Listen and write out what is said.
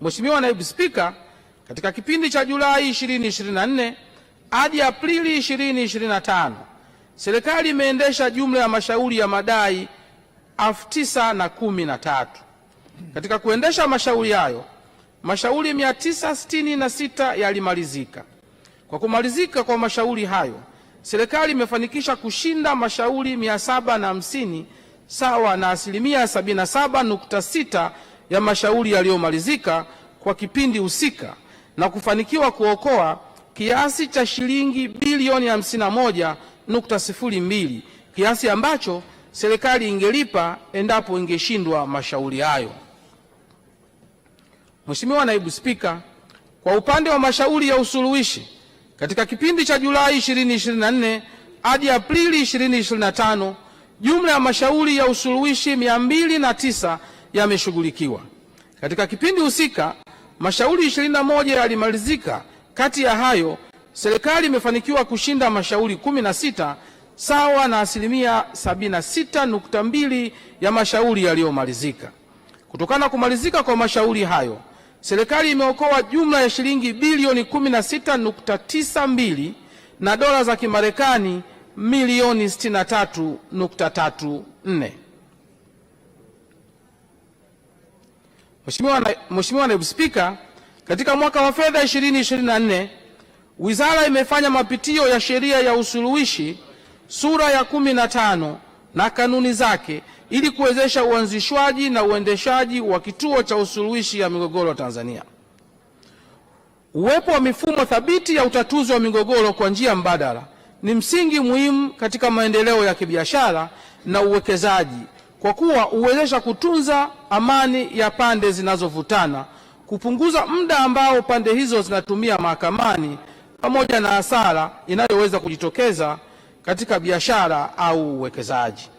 Mheshimiwa Naibu Spika, katika kipindi cha Julai 2024 hadi Aprili 2025 serikali imeendesha jumla ya mashauri ya madai elfu na tatu. Katika kuendesha mashauri hayo mashauri 966 yalimalizika. Kwa kumalizika kwa mashauri hayo, serikali imefanikisha kushinda mashauri 750 sawa na asilimia 77.6 ya mashauri yaliyomalizika kwa kipindi husika na kufanikiwa kuokoa kiasi cha shilingi bilioni mbili kiasi ambacho serikali ingelipa endapo ingeshindwa mashauri hayo. Mheshimiwa Naibu Spika, kwa upande wa mashauri ya usuluhishi katika kipindi cha Julai 2024 hadi Aprili 2025, jumla ya mashauri ya usuluhishi 209 yameshughulikiwa. Katika kipindi husika, mashauri 21 yalimalizika. Kati ya hayo, serikali imefanikiwa kushinda mashauri 16 sawa na asilimia 76.2 ya mashauri yaliyomalizika. Kutokana na kumalizika kwa mashauri hayo, serikali imeokoa jumla ya shilingi bilioni 16.92 na dola za Kimarekani milioni 63.34. Mheshimiwa na, Naibu Spika, katika mwaka wa fedha 2024 wizara imefanya mapitio ya sheria ya usuluhishi sura ya kumi na tano na kanuni zake ili kuwezesha uanzishwaji na uendeshaji wa kituo cha usuluhishi ya migogoro Tanzania. Uwepo wa mifumo thabiti ya utatuzi wa migogoro kwa njia mbadala ni msingi muhimu katika maendeleo ya kibiashara na uwekezaji kwa kuwa huwezesha kutunza amani ya pande zinazovutana, kupunguza muda ambao pande hizo zinatumia mahakamani, pamoja na hasara inayoweza kujitokeza katika biashara au uwekezaji.